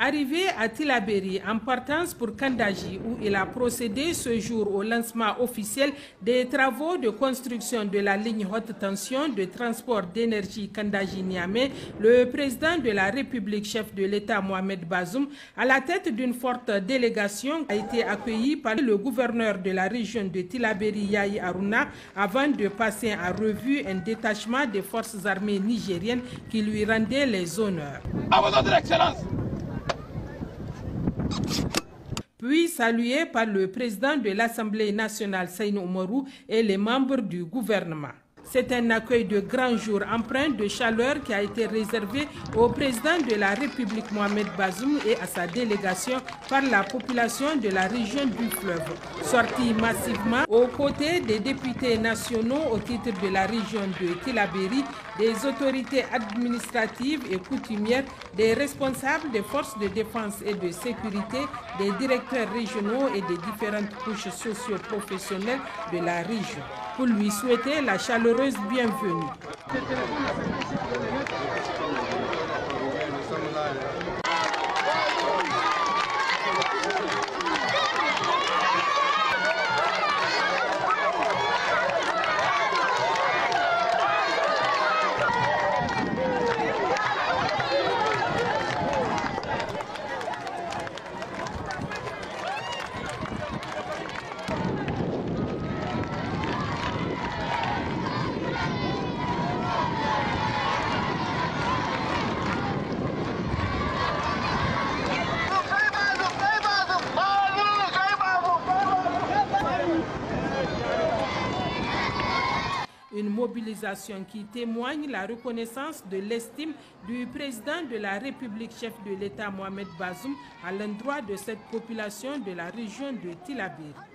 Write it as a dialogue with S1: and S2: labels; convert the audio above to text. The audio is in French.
S1: Arrivé à Tilaberi en partance pour Kandaji où il a procédé ce jour au lancement officiel des travaux de construction de la ligne haute tension de transport d'énergie kandaji niamé le président de la République, chef de l'État Mohamed Bazoum, à la tête d'une forte délégation, a été accueilli par le gouverneur de la région de Tilaberi Yahi Aruna avant de passer en revue un détachement des forces armées nigériennes qui lui rendait les honneurs. votre excellence salué par le président de l'Assemblée nationale Saïno Oumarou et les membres du gouvernement. C'est un accueil de grand jour empreint de chaleur qui a été réservé au président de la République Mohamed Bazoum et à sa délégation par la population de la région du fleuve. Sorti massivement aux côtés des députés nationaux au titre de la région de Tilaberi, des autorités administratives et coutumières, des responsables des forces de défense et de sécurité, des directeurs régionaux et des différentes couches professionnelles de la région pour lui souhaiter la chaleureuse bienvenue. Une mobilisation qui témoigne la reconnaissance de l'estime du président de la République, chef de l'État Mohamed Bazoum, à l'endroit de cette population de la région de Tilabir.